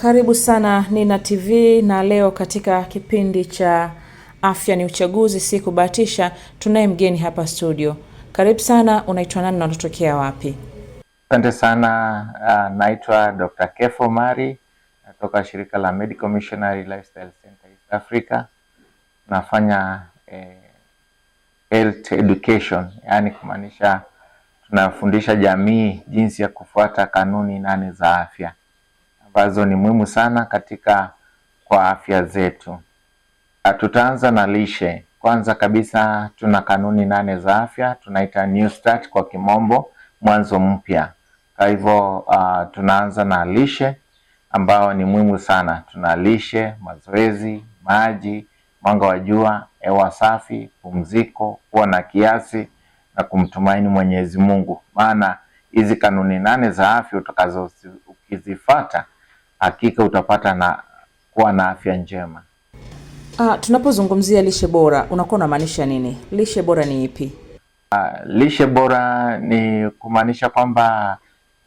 Karibu sana Nina TV na leo katika kipindi cha afya ni uchaguzi, si kubahatisha, tunaye mgeni hapa studio. Karibu sana, unaitwa nani na unatokea wapi? Asante sana uh, naitwa Dr. Kefo Mari natoka shirika la Medical Missionary Lifestyle Center East Africa. Nafanya eh, health education, yaani kumaanisha tunafundisha jamii jinsi ya kufuata kanuni nane za afya ambazo ni muhimu sana katika kwa afya zetu. Ah, tutaanza na lishe. Kwanza kabisa tuna kanuni nane za afya, tunaita new start kwa kimombo, mwanzo mpya. Kwa hivyo uh, tunaanza na lishe ambayo ni muhimu sana. Tuna lishe, mazoezi, maji, mwanga wa jua, hewa safi, pumziko, kuwa na kiasi na kumtumaini Mwenyezi Mungu, maana hizi kanuni nane za afya utakazo ukizifuata hakika utapata na kuwa na afya njema. Ah, tunapozungumzia lishe bora unakuwa unamaanisha nini? Lishe bora ni ipi? Ah, lishe bora ni kumaanisha kwamba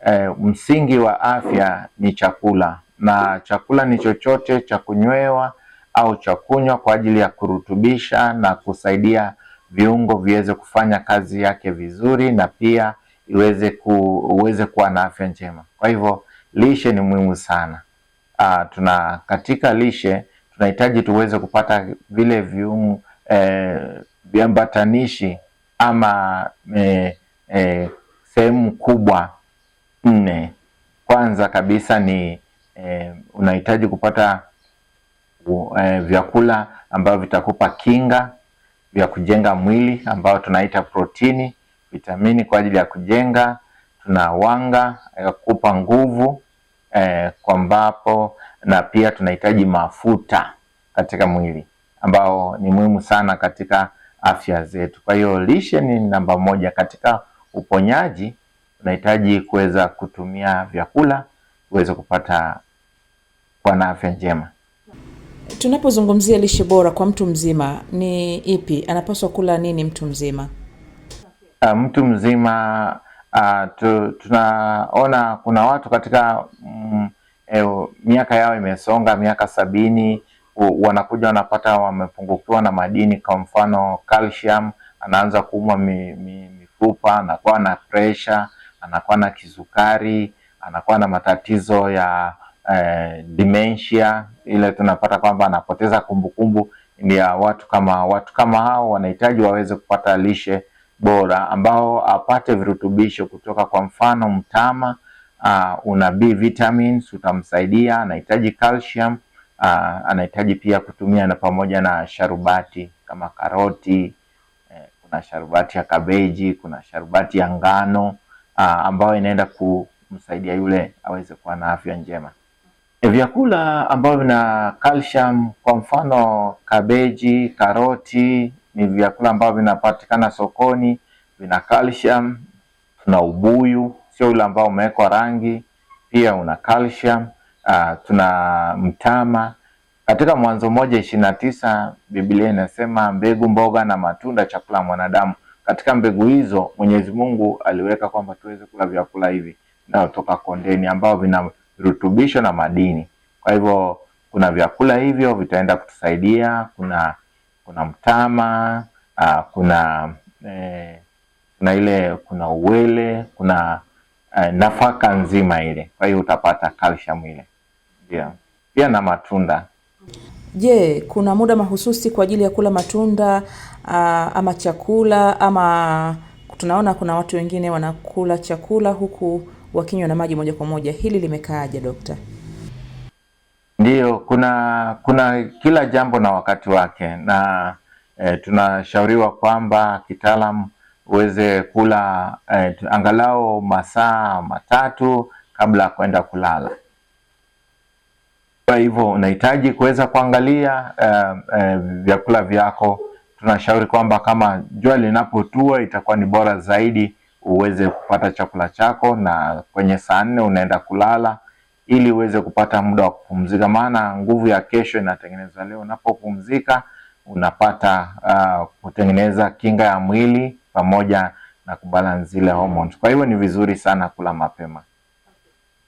eh, msingi wa afya ni chakula na chakula ni chochote cha kunywewa au cha kunywa kwa ajili ya kurutubisha na kusaidia viungo viweze kufanya kazi yake vizuri na pia iweze ku, uweze kuwa na afya njema. Kwa hivyo lishe ni muhimu sana. Aa, ah, tuna katika lishe tunahitaji tuweze kupata vile viungo eh, viambatanishi eh, ama eh, eh, sehemu kubwa nne. Kwanza kabisa ni eh, unahitaji kupata uh, eh, vyakula ambavyo vitakupa kinga vya kujenga mwili ambao tunaita protini, vitamini kwa ajili ya kujenga na wanga eh, kupa nguvu eh, mbapo na pia tunahitaji mafuta katika mwili ambao ni muhimu sana katika afya zetu. Kwa hiyo lishe ni namba moja. Katika uponyaji unahitaji kuweza kutumia vyakula uweze kupata kuwa na afya njema. Tunapozungumzia lishe bora kwa mtu mzima, ni ipi? Anapaswa kula nini mtu mzima? Uh, mtu mzima uh, tu, tunaona kuna watu katika mm, eh, miaka yao imesonga miaka sabini wanakuja wanapata wamepungukiwa na madini, kwa mfano calcium, anaanza kuumwa mi, mi, mifupa, anakuwa na pressure, anakuwa na kisukari, anakuwa na matatizo ya eh, dementia, ile tunapata kwamba anapoteza kumbukumbu. ya watu kama watu kama hao wanahitaji waweze kupata lishe bora ambao apate virutubisho kutoka kwa mfano mtama uh, una B vitamins utamsaidia, anahitaji calcium uh, anahitaji pia kutumia na pamoja na sharubati kama karoti eh, kuna sharubati ya kabeji, kuna sharubati ya ngano uh, ambayo inaenda kumsaidia yule aweze kuwa na afya njema. Eh, vyakula ambavyo vina calcium kwa mfano kabeji, karoti ni vyakula ambavyo vinapatikana sokoni, vina calcium. Tuna ubuyu, sio ule ambao umewekwa rangi, pia una calcium. Uh, tuna mtama. Katika Mwanzo moja ishirini na tisa Biblia inasema mbegu, mboga na matunda, chakula ya mwanadamu. Katika mbegu hizo Mwenyezi Mungu aliweka kwamba tuweze kula vyakula hivi vinavyotoka kondeni, ambao vina virutubisho na madini. Kwa hivyo kuna vyakula hivyo vitaenda kutusaidia, kuna kuna mtama uh, kuna eh, kuna ile kuna uwele kuna eh, nafaka nzima ile. Kwa hiyo utapata calcium ile pia pia na matunda. Je, kuna muda mahususi kwa ajili ya kula matunda uh, ama chakula ama tunaona kuna watu wengine wanakula chakula huku wakinywa na maji moja kwa moja, hili limekaaje daktari? Ndiyo, kuna kuna kila jambo na wakati wake, na e, tunashauriwa kwamba kitaalam uweze kula e, angalau masaa matatu kabla ya kwenda kulala. Kwa hivyo unahitaji kuweza kuangalia e, e, vyakula vyako. Tunashauri kwamba kama jua linapotua itakuwa ni bora zaidi uweze kupata chakula chako, na kwenye saa nne unaenda kulala ili uweze kupata muda wa kupumzika, maana nguvu ya kesho inatengenezwa leo. Unapopumzika unapata uh, kutengeneza kinga ya mwili pamoja na kubalance zile hormones. Kwa hiyo ni vizuri sana kula mapema.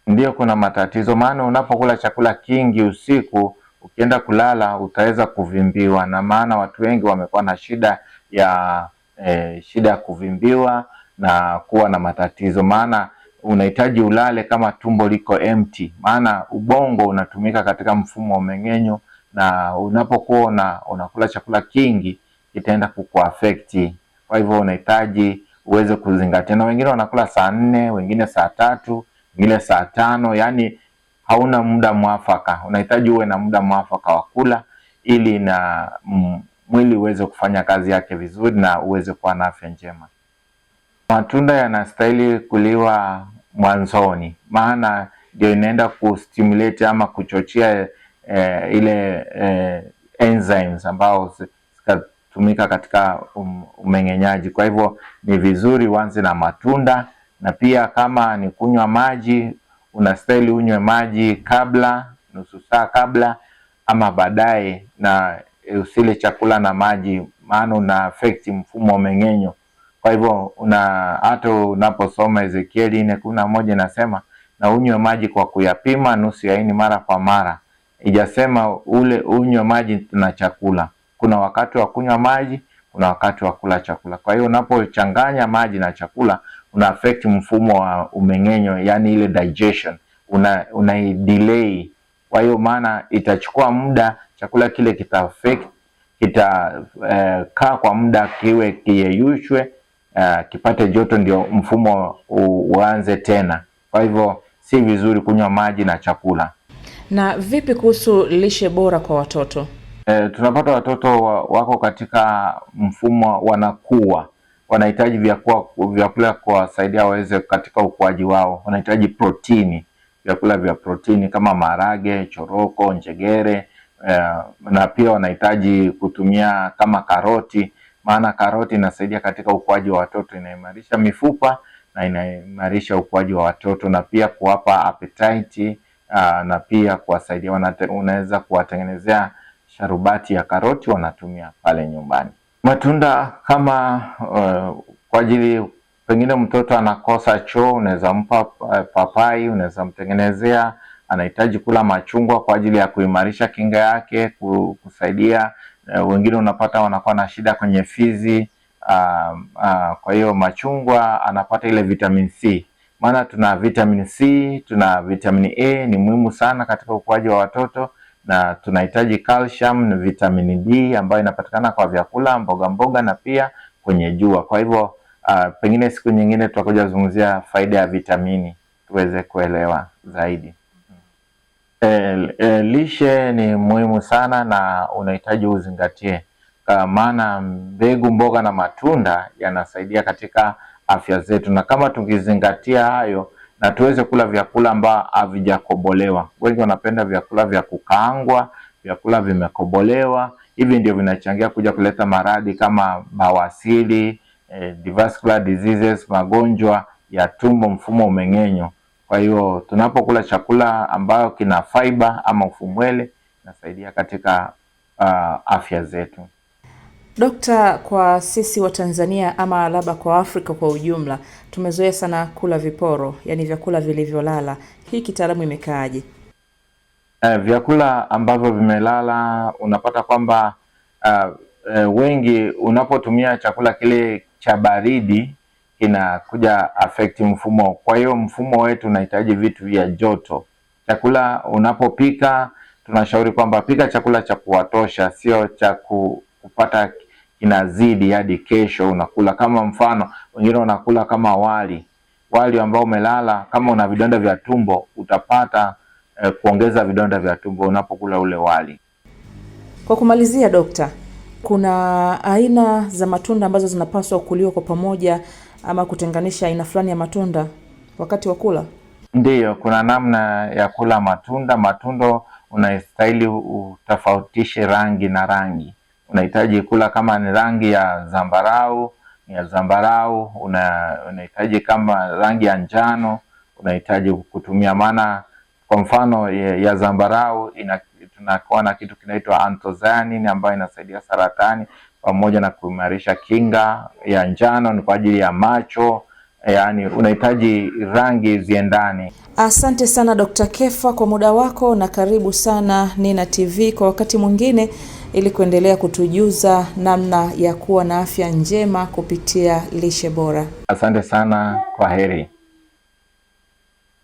ndio kuna matatizo, maana unapokula chakula kingi usiku, ukienda kulala utaweza kuvimbiwa, na maana watu wengi wamekuwa na shida ya eh, shida ya kuvimbiwa na kuwa na matatizo, maana unahitaji ulale kama tumbo liko empty, maana ubongo unatumika katika mfumo wa mmeng'enyo, na unapokuwa unakula chakula kingi itaenda kukuaffect. Kwa hivyo unahitaji uweze kuzingatia, na wengine wanakula saa nne, wengine saa tatu, wengine saa tano, yani hauna muda mwafaka. Unahitaji uwe na muda mwafaka wa kula ili na mm, mwili uweze kufanya kazi yake vizuri na uweze kuwa na afya njema. Matunda yanastahili kuliwa mwanzoni, maana ndio inaenda kustimulate ama kuchochea eh, ile eh, enzymes ambao zikatumika katika um, umeng'enyaji. Kwa hivyo ni vizuri uanze na matunda, na pia kama ni kunywa maji, unastahili unywe maji kabla, nusu saa kabla ama baadaye, na usile chakula na maji, maana una affect mfumo wa meng'enyo. Kwa hivyo una hata unaposoma Ezekieli nne kumi na moja inasema na unywe maji kwa kuyapima nusu ya ini mara kwa mara. Ijasema ule unywe maji na chakula. Kuna wakati wa kunywa maji, kuna wakati wa kula chakula. Kwa hiyo unapochanganya maji na chakula una affect mfumo wa umeng'enyo, yani ile digestion, una, una delay. Kwa hiyo maana itachukua muda chakula kile kita affect, kita eh, kaa kwa muda kiwe kiyeyushwe uh, kipate joto ndio mfumo uanze tena. Kwa hivyo si vizuri kunywa maji na chakula. Na vipi kuhusu lishe bora kwa watoto? E, tunapata watoto wa, wako katika mfumo wanakuwa wanahitaji vyakula kuwasaidia waweze katika ukuaji wao, wanahitaji protini, vyakula vya protini kama maharage, choroko, njegere eh, na pia wanahitaji kutumia kama karoti maana karoti inasaidia katika ukuaji wa watoto, inaimarisha mifupa na inaimarisha ukuaji wa watoto na pia kuwapa appetite, ah, na pia kuwasaidia, unaweza kuwatengenezea sharubati ya karoti wanatumia pale nyumbani. Matunda kama uh, kwa ajili pengine mtoto anakosa choo, unaweza mpa eh, papai, unaweza mtengenezea. Anahitaji kula machungwa kwa ajili ya kuimarisha kinga yake, kusaidia Eh, wengine unapata wanakuwa na shida kwenye fizi. Uh, uh, kwa hiyo machungwa anapata ile vitamin C, maana tuna vitamin C, tuna vitamin A ni muhimu sana katika ukuaji wa watoto, na tunahitaji calcium na vitamin D ambayo inapatikana kwa vyakula, mboga mboga na pia kwenye jua. Kwa hivyo uh, pengine siku nyingine tutakuja kuzungumzia faida ya vitamini tuweze kuelewa zaidi. E, e, lishe ni muhimu sana na unahitaji uzingatie, maana mbegu, mboga na matunda yanasaidia katika afya zetu, na kama tukizingatia hayo na tuweze kula vyakula ambavyo havijakobolewa. Wengi wanapenda vyakula vya kukaangwa, vyakula vimekobolewa. Hivi ndio vinachangia kuja kuleta maradhi kama bawasiri, eh, vascular diseases, magonjwa ya tumbo, mfumo umeng'enyo. Kwa hiyo tunapokula chakula ambayo kina fiber ama ufumwele inasaidia katika uh, afya zetu. Dokta, kwa sisi wa Tanzania ama labda kwa Afrika kwa ujumla, tumezoea sana kula viporo, yaani vyakula vilivyolala. Hii kitaalamu imekaaje? Uh, vyakula ambavyo vimelala unapata kwamba uh, uh, wengi unapotumia chakula kile cha baridi inakuja affect mfumo. Kwa hiyo mfumo wetu unahitaji vitu vya joto. Chakula unapopika, tunashauri kwamba pika chakula cha kuwatosha, sio cha kupata kinazidi hadi kesho unakula. Kama mfano, wengine unakula kama wali wali ambao umelala, kama una vidonda vya tumbo utapata eh, kuongeza vidonda vya tumbo unapokula ule wali. Kwa kumalizia, dokta, kuna aina za matunda ambazo zinapaswa kuliwa kwa pamoja ama kutenganisha aina fulani ya matunda wakati wa kula? Ndiyo, kuna namna ya kula matunda. Matundo unastahili utofautishe rangi na rangi. Unahitaji kula kama ni rangi ya zambarau ya zambarau, una unahitaji kama rangi ya njano unahitaji kutumia, maana kwa mfano ya, ya zambarau ina tunakuwa na kitu kinaitwa anthocyanin ambayo inasaidia saratani pamoja na kuimarisha kinga ya njano, ni kwa ajili ya macho, yaani unahitaji rangi ziendane. Asante sana Dr. Kefa kwa muda wako na karibu sana Nina TV kwa wakati mwingine ili kuendelea kutujuza namna ya kuwa na afya njema kupitia lishe bora. Asante sana, kwa heri.